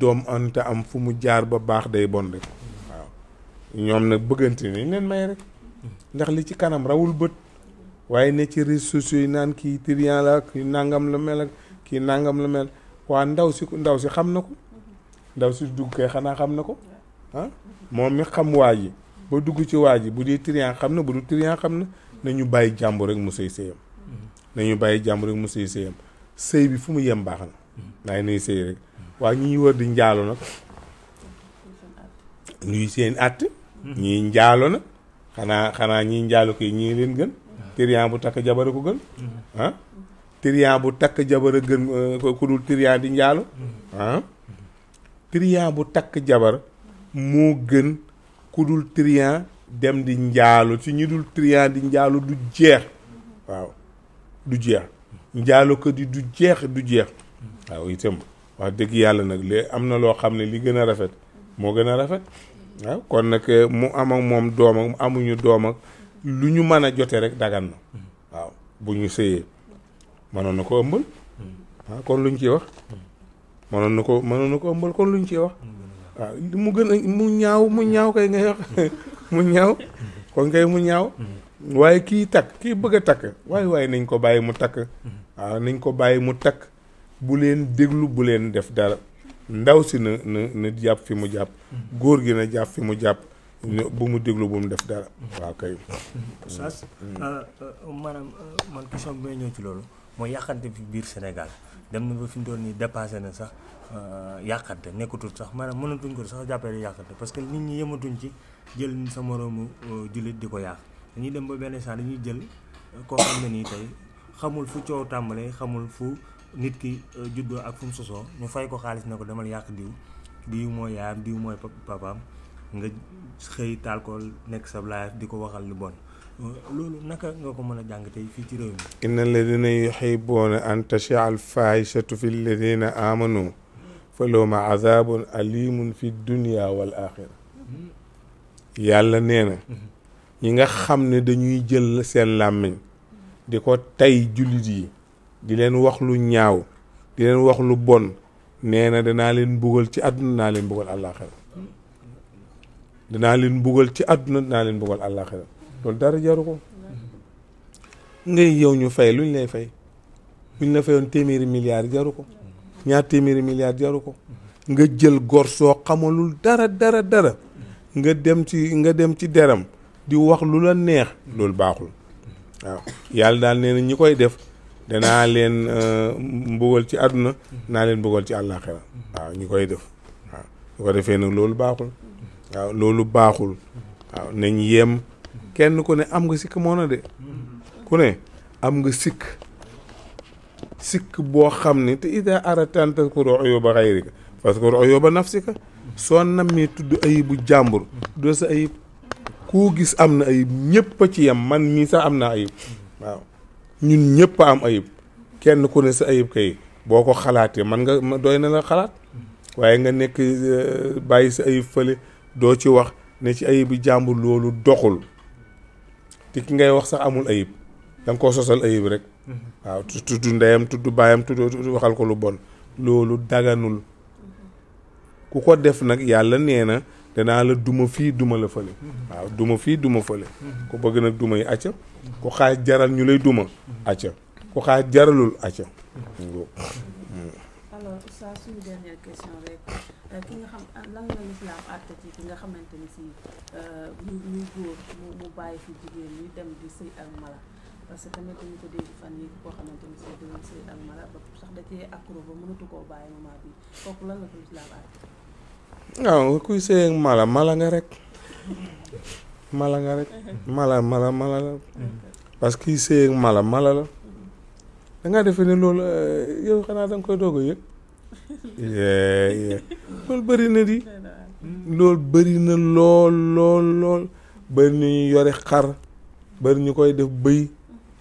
doom ante am fu mu jaar ba baax day bon rek waaw ñoom nag bëggante nañ leen may rek ndax li ci kanam rawul bët waaye ne ci réseaux sociaux yi naan kii trian la kii nangam la mel ak kii nangam la mel waa ndaw si ndaw si xam na ko ndaw si dugg kay xanaa xam na ko ah moom mi xam waa ji ba dugg ci waa ji bu dee trian xam na bu dul trian xam na nañu bàyyi jàmbur rek mu sëy mm-hmm. nañu bàyyi jàmbur rek mu sëy sëyam sëy bi fu mu yem baax na mm-hmm. waaye nay sëy rek waaye ñi wër di njaalo nag luy seen àtt mm-hmm. ñii njaalo na xanaa xanaa ñii njaalo koy ñii leen gën trian bu takk jabar a ko gën ah trian bu takk jabar a gën euh, ku dul trian di njaalo ah trian bu takk jabar moo gën ku dul trian dem di njaalu ci ñu dul trian di njaalu du jeex waaw du jeex njaalu ko di du jeex du jeex waaw itam wax dëgg yàlla nag lée am na loo xam ne li gën a rafet moo gën a rafet waaw kon nag eh, mu am moom doom ak amuñu doom lu ñu mën a jote rek dagan na waaw bu ñu sëyee mënoon na ko ëmbal kon luñ ciy wax mënoon na ko mënoon na ko ëmbal kon luñ ciy wax waaw mu gën a mu ñaaw mu ñaaw kay ngay wax mu kon kay mu ñaaw waaye kii takk kii bëgg a takk waaye waaye nañ ko bàyyi mu takk waaw nañ ko bàyyi mu takk bu leen déglu bu leen def dara ndaw si na na na jàpp fi mu jàpp góor gi na jàpp fi mu jàpp bu mu déglu bu mu def dara waaw kay sas euh, euh, maanaam euh, man question bi may ñëw ci loolu moo yàqante bi biir Sénégal dem na ba fi mu toll nii dépassé na sax euh, yàqante nekkatul sax maanaam mënatuñ ko sax jàppale yàqante parce que nit ñi yematuñ ci jël sa moroomu euh, jullit di ko yàq dañuy dem ba benn sax dañuy jël euh, koo xam ne nii tey xamul fu coow tàmbalee xamul fu nit ki juddoo ak fu mu sosoo ñu fay ko xaalis ne ko demal yàq diw diw mooy yaayam diw mooy papaam nga xëy taal ko nekk sa live di ko waxal lu bon. loolu naka nga ko mën a jàng tey fii ci réew mi inna alladina yuxibuuna an tachia alfaahishatu fi alladina amanu fa looma azabun fi dunia wal axira yàlla nee ñi nga xam ne dañuy jël seen làmmiñ di ko tey jullit yi di leen wax lu ñaaw di leen wax lu bon nee na danaa leen mbugal ci àdduna danaa leen mbugal àllaaxira danaa leen mbugal ci àdduna danaa leen mbugal àllaaxira loolu dara jaru ko ngay yow ñu fay luñ lay fay buñ la fayoon téeméeri milliards jaru ko ñaar téeméeri milliards jaru ko nga jël gor soo xamalul dara dara dara nga dem ci nga dem ci deram di wax lu la neex loolu baaxul waaw yàlla daal nee ñi koy def dana leen euh, mbugal ci àdduna naa leen mbugal ci àllaaxira waaw ñi koy def waaw baaxul waaw loolu baaxul waaw nañ yem kenn ku ne am nga sikk moo na de ku ne am nga sikk sikk boo xam ne te ida aratanta ko ro ayóba xayrika parce que ro ayóba nafsika soo nam nammee tudd ayibu jàmbur doo sa ayib gis am na ayib ñëpp a ci yem man mii sax am naa ayib ñëpp am ayib kenn ku ne sa ayib kay boo ko xalaatee man nga doy na la xalaat waaye nga nekk euh, bàyyi sa ayib fale doo ci wax ne ci ayibu jàmbur loolu doxul te ki ngay wax sax amul ayib da nga koo sosal ayib rek. Mm-hmm. waaw tudd ndeyam tudd baayam tudd waxal ko lu bon loolu daganul mm-hmm. ku ko def nag yàlla nee na danaa la duma fii duma la fële. Mm-hmm. waaw duma fii duma fële. ku bëgg nag duma yi acca. ku xaaj jaral ñu lay duma. acca ku xaaj jaralul acca. oustaz suñu dernière question rek euh, ki nga xam ah, lan la lislaam àtte xamante ni si ñu euh, ñuy góor mu ak mala parce tamit ko dégg fan yi koo xamante ni si dañu sëy ak mala ba sax da cee accro ba mënatu koo bàyyi moment bi kooku lan la ko lislaam àtte ak mala mala nga rek mala nga rek mala mala la mm-hmm. parce que kuy sëy ak mala mala la da ngaa defee ne loolu euh, yow xanaa da koy doog yëg loolu bëri na di mm. loolu bëri na lool lool lool bëri ñu yore xar bëri ñu koy def bëy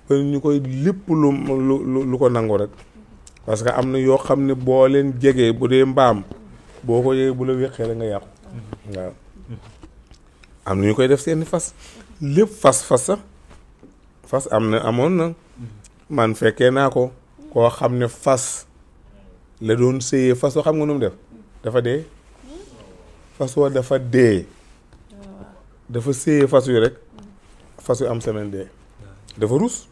bëri ñu koy lépp lu lu ko nangu rek parce que am na yoo xam ne boo leen jegee bu dee mbaam boo ko yegee bu la wéqee la nga yàqu mm-hmm. waaw mm-hmm. am na ñu koy def seeni fas lépp fas fas sax fas am na amoon na mm-hmm. man fekkee naa ko koo xam ne fas la doon sëyee fas wa xam nga nu mu def dafa dee fas wa dafa dee dafa sëyee fas wi rek fas yu am semaine dee dafa rus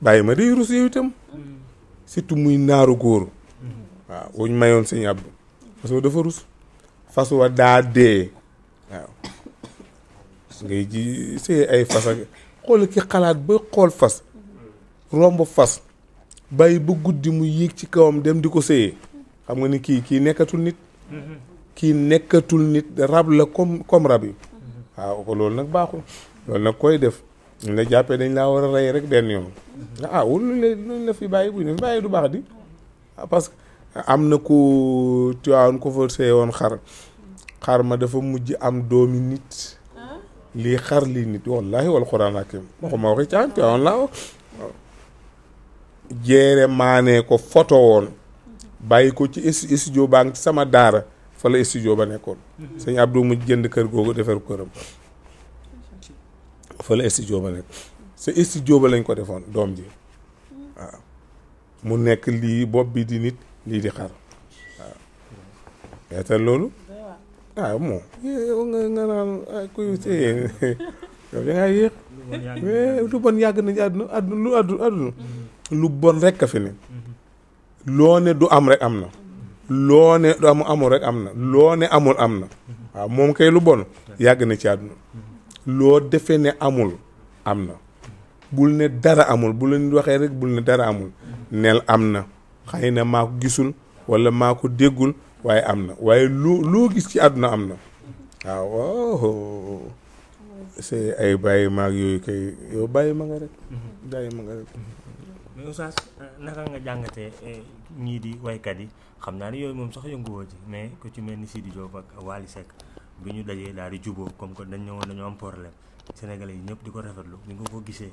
bàyyi ma day rus yow itam surtout muy naaru góor waaw wuñ mayoon si Abdu fas wa dafa rus fas wa daa dee waaw ngay ji sëyee ay fas ak xool ki xalaat ba xool fas romb fas bàyyi bu guddi mu yéeg ci kawam dem di ko séyee xam nga ni kii kii nekkatul nit kii nekkatul nit rab la comme comme rab yi waaw ko loolu nag baaxul loolu nag koy def ñu la jàppee dañ laa war a rey rek benn yoon ah wul luñ la fi du baax di ah, parce que am na ku woon xar ma dafa mujj am doomi ah. xar lii nit wallahi wal xuraan waxi caan tuwaawoon laa wax jeere maanee ko foto woon bàyyi ko ci studio baa ngi sama daara fa la studio ba nekkoon sëñ Abdou mu jënd kër googu defar këram fa la studio ba nekk sa studio ba lañ ko defoon doom ji mu nekk lii bopp bi di nit lii di xar waaw yeetal loolu waaw ah, moom nga ah, yéex lu bon yàgg nañu àdduna àdduna lu àdduna àdduna lu bon rek a fi ne loo ne du am rek am na loo ne du amul rek am na loo amul am na waaw moom kay lu bon yàgg na ci àdduna loo defe ne amul am na bul ne dara amul bu la waxee rek bul ne dara amul neel am na xëy na maa gisul walla maa ko déggul waaye am na waaye loo loo gis ci àdduna am na waaw oh, c'est ay bàyyi maag yooyu kay yow ma nga rek bàyyi ma nga rek mais Oustaz naka nga jàngatee eh, ñii di waykat yi xam naa ne yooyu moom sax yënguwoo ci mais ku ci mel ni Sidi Diop ak Wally Seck bi ñu dajee daal juboo comme que dañ ñëwoon dañoo am problème Sénégalais yi ñëpp di ko rafetlu ñu nga ko gisee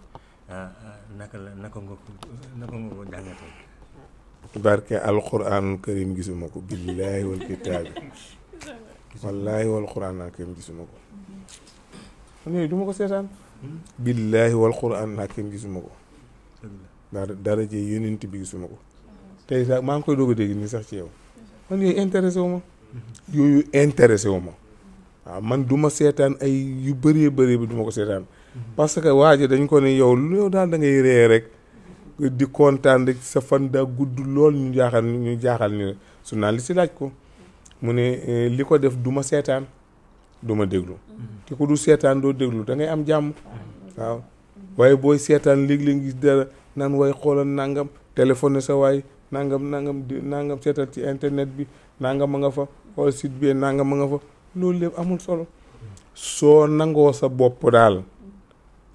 ah, ah, naka la naka nga ko jàngatee. barke alquranul karim gisuma ko billaahi wal kitaabi wallaahi wal quranul karim gisuma ko. Mm-hmm. man yooyu du ko seetaan. billaahi wal quranul karim gisuma ko. dara dara jee yónent bi gisuma ko tey sax maa ngi koy doog a dégg nii sax ci yow man yooyu intéressé wu ma intéressé wu ma waaw man du ma seetaan ay yu bëree bëri bi du ma ko seetaan parce que waa ji dañ ko ne yow lu yow daal da ngay ree rek di kontaan rek sa fan daa gudd lool ñu jaaxal ñu jaaxal ñu su naan li si laaj ko mu ne eh, li ko def du ma seetaan du ma déglu te ko du seetaan doo déglu da ngay am jàmm waaw waaye booy seetaan léeg-léeg gis dara naan way xoolal nangam téléphone sa waay nangam nangam di nangam seetal ci internet bi nangam ma nga fa xool site bi nangam ma nga fa loolu lépp amul solo soo nangoo sa bopp daal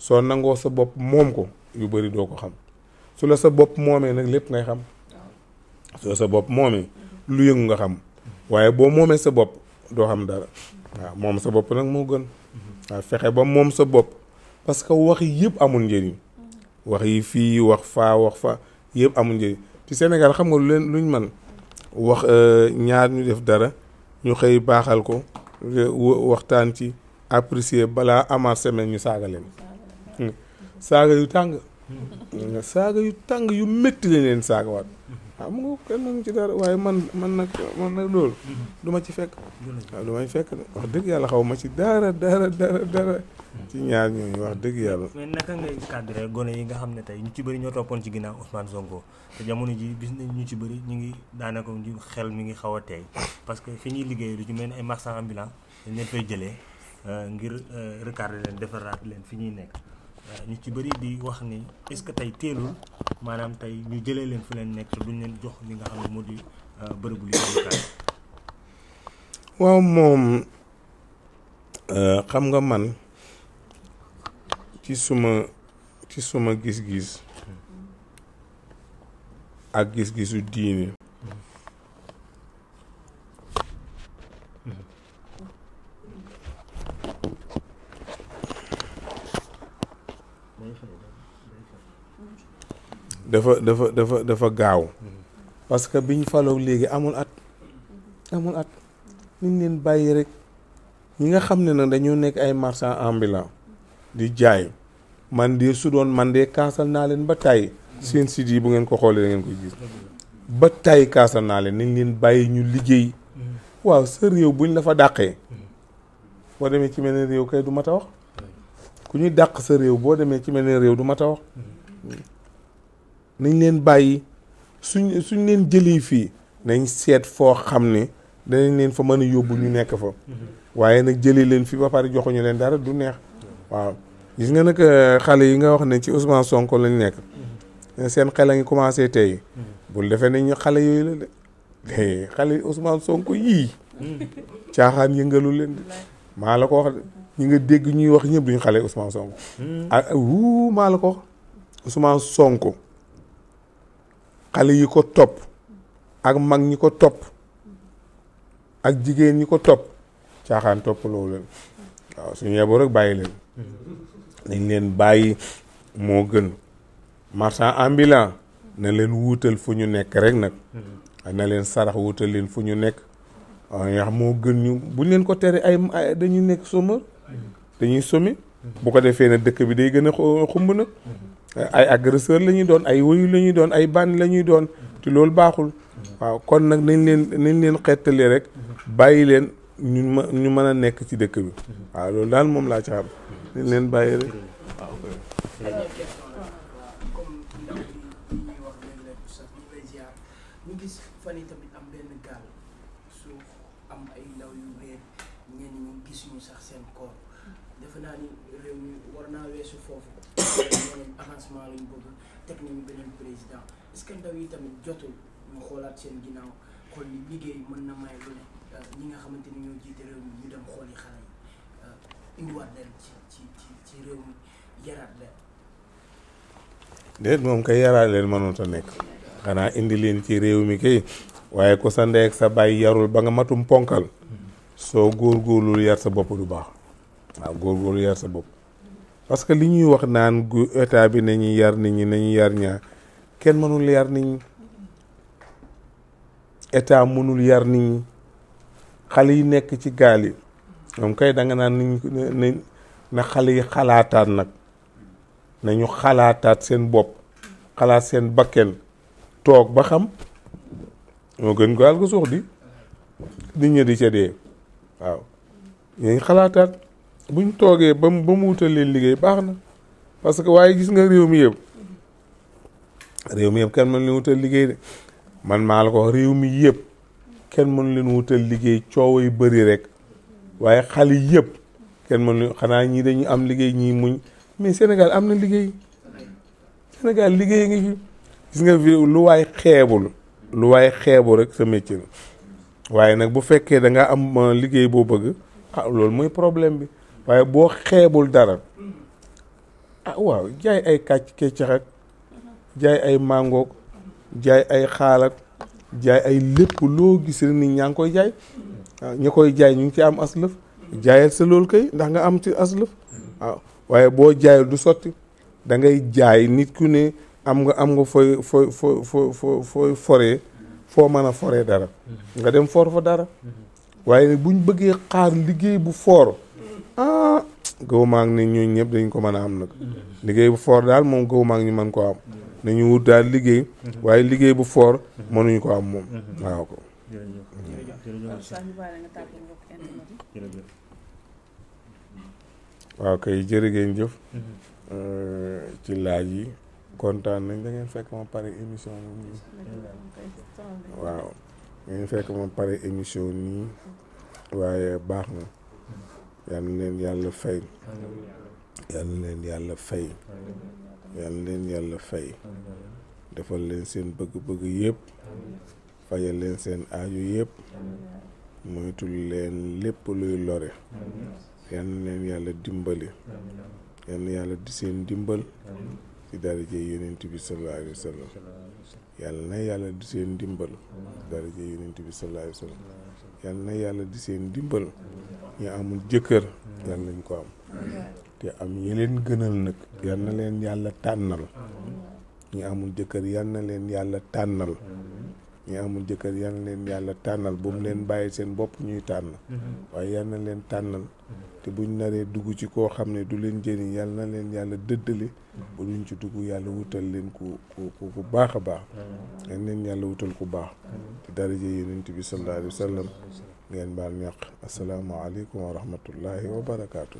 soo nangoo sa bopp moom ko yu bëri doo ko xam su la sa bopp moomee nag lépp ngay xam su sa bopp moomee lu yëngu nga xam waaye boo moomee sa bopp doo xam dara waaw moom sa bopp nag moo gën mm-hmm. waaw fexe ba moom sa bopp parce que wax yëpp amul njëriñ wax yi fii wax faa wax fa yëpp amul njëriñ ci Sénégal xam nga lu leen luñ man wax euh, ñaar ñu def dara ñu xëy baaxal ko waxtaan ci apprécier balaa amaat semaine ñu saaga leen hmm. saaga yu tàng hmm. saaga yu tàng yu métti lañ leen saagawaat ah mu nga kenn mënu ci dara waaye man man nag man nag loolu hmm. du ci fekk waaw ah, du ci fekk wax dëgg yàlla xaw ma ci dara dara dara dara ci ñaar ñooñu wax dëgg yàlla. mais naka ngay cadré gone yi nga xam ne tey ñu ci bëri ñoo toppoon ci ginnaaw Ousmane Sonko te jamono ji gis nañ ñu ci bëri ñu ngi daanaka ngi xel mi ngi xaw a teey parce que fi ñuy liggéey lu ci mel ni ay marchands ambulants dañ leen fay jëlee euh, ngir euh, recadrer leen defaraat leen fi ñuy nekk euh, ñu ci bëri di wax ni est-ce que tey teelul maanaam tey ñu jëlee leen fu leen nekk te duñ leen jox li nga xam ne moo di bërëbu liggéeyukaay. waaw moom xam nga man. ci suma ci suma gis-gis ak gis-gisu diine dafa dafa dafa gaaw parce que biñ faloo léegi amul at amul at niñ leen bàyyi rek ñi nga xam ne nag dañoo nekk ay marchands ambulants di jaay man de su doon man de kaasal naa leen ba tàyyi seen siti yi bu ngeen ko xoolee dangeen ngeen koy gis ba tàyyi kaasal naa leen nañ leen bàyyi ñu liggéey waaw sa réew buñ la fa dàqee boo demee ci mel ne réew kay du mat a wax ku ñuy dàq sa réew boo demee ci mel ne réew du mat wax nañ leen bàyyi suñ suñ leen jëlee fii nañ seet foo xam ne danañ leen fa mën a yóbbu ñu nekk fa mm-hmm. waaye nag jëlee leen fi ba pare joxuñu leen dara du neex waaw gis nga nag euh, xale yi nga wax ne ci Ousmane Sonko lañ nekk mm-hmm. seen xel a commencé tey mm-hmm. bu defee ne ñu xale yooyu la de xale Ousmane Sonko yii mm-hmm. caaxaan yëngalu leen de maa la ko wax ñi nga dégg ñuy wax ñëpp duñu xale Ousmane Sonko ah wuu maa la ko wax Ousmane Sonko xale yi ko topp ak mag ñi ko topp ak jigéen ñi ko topp caaxaan topp loolu leen waaw suñu yeboo rek bàyyi leen nañ leen bàyyi moo gën marchand ambulant na leen wuutal fu ñu nekk rek nag hmm. na leen sarax wuutal leen fu ñu nekk yax moo gën ñu buñ leen ko tere ay dañuy nekk chômeur dañuy somi bu ko defee na dëkk bi day gën a xumb nag ay agresseur lañuy doon ay woyu lañuy doon ay bànn la ñuy doon te loolu baaxul waaw kon nag nañ leen nañ leen xettali rek bàyyi leen ñu ma ñu mën a nekk ci dëkk bi hmm. waaw loolu daal moom laa ci xam dañ leen bàyyi rek waaw ñu gis fan yi tamit am benn gaal su am ay ndaw yu réer ñenn ñu gis ñu sax seen koor defe naa ni réew mi war naa weesu foofu ñeneen avancement lañ bëgg teg nañu beneen président est-ce que ndaw yi tamit jotul ñu xoolaat seen ginnaaw xool liggéey mën na may lu ñi nga xamante ni ñoo jiite réew mi ñu dem xooli xale yi indiwaat leen ci réew mi yaraat leen. déet moom kay yaraat leen a nekk xanaa indi leen ci réew mi kay waaye ko sa ak sa baay yarul ba nga matum ponkal soo góorgóorlu yar sa bopp du baax yar sa bopp. parce que li ñuy wax naan gu bi bi nañu yar nit ñi nañu yar ñaa kenn mënul yar nit ñi état mënul yar nit ñi xale yi nekk ci gaal moom kay da nga naan nit ñi na xale yi xalaataat nag nañu xalaataat seen bopp xalaat seen bakken toog ba xam moo gën gaal ko suux di nit ñi di ca waaw ñu xalaataat buñ toogee ba mu wutal leen liggéey baax na parce que waaye gis nga réew mi yëpp réew mi yëpp kenn mën leen liggéey man maa la ko réew mi yëpp kenn mën leen wutal liggéey coow yi bari rek waaye xale yëpp. kenn nu xanaa ñii dañu am liggéey ñii muñ mais senegal am na liggéey Sénégal liggéey ngi fi gis nga fi lu waay xeebul lu waay xeebu rek sa métier la waaye nag bu fekkee da nga am euh, liggéey boo bëgg ah loolu mooy problème bi waaye boo xeebul dara ah waaw jaay ay kàcc keccax jaay ay màngoog jaay ay xaalak jaay ay lépp loo gis ni ñaa ngi koy jaay ah, ña koy jaay ñu ngi ci am aslëf jaayal sa loolu kay ndax nga am ci aslëf waaye boo jaayal du sotti dangay jaay nit ku ne am nga am nga fooy fooy fooy fooy foo mën a foree dara nga dem for fa dara waaye buñ bëggee xaar liggéey bu foor ah gaw maa ngi ñëpp dañ ko mën a am nag liggéey bu foor daal moom gaw maa ngi ñu mën koo am nañu wut daal liggéey waaye liggéey bu foor mënuñu ko am moom ko mm-hmm. jërëjëf waaw kay jërë jëf. Mm-hmm. Euh, ci laaj yi kontaan nañ la ngeen fekk ma pare émission nii. waaw da ngeen émission waaye baax na yal na leen yàlla fay. yal na leen yàlla fay. yal na leen yàlla fay. defal leen seen bëgg-bëgg yépp fajal leen seen aaju yëpp. moytul leen lépp luy lore. yal na leen yàlla dimbali yal yàlla di seen dimbal ci daraje yonent bi sallallahu alayhi na yàlla di dimbal ci daraje yonent bi sallallahu alayhi yàlla di seen dimbal ñu amul jëkkër yal ko am te am yeleen gënal nag yal na leen yàlla tànnal ñu amul jëkkër yal na leen yàlla tànnal ñi amul jëkkër yal na leen yàlla tànnal bu mu leen bàyyi seen bopp ñuy tànn waaye yal tànnal te buñ naree dugg ci koo xam ne du leen jëriñ yàlla na leen yàlla dëddale mm-hmm. ba duñ ci dugg yàlla wutal leen ku ku ku baax a baax mm-hmm. ngeen leen yàlla wutal ku baax mm-hmm. ci daraje yonent bi sallallahu alayhi wa sallam ngeen baal ñàq asalaamaaleykum wa rahmatullahi wa barakaatu.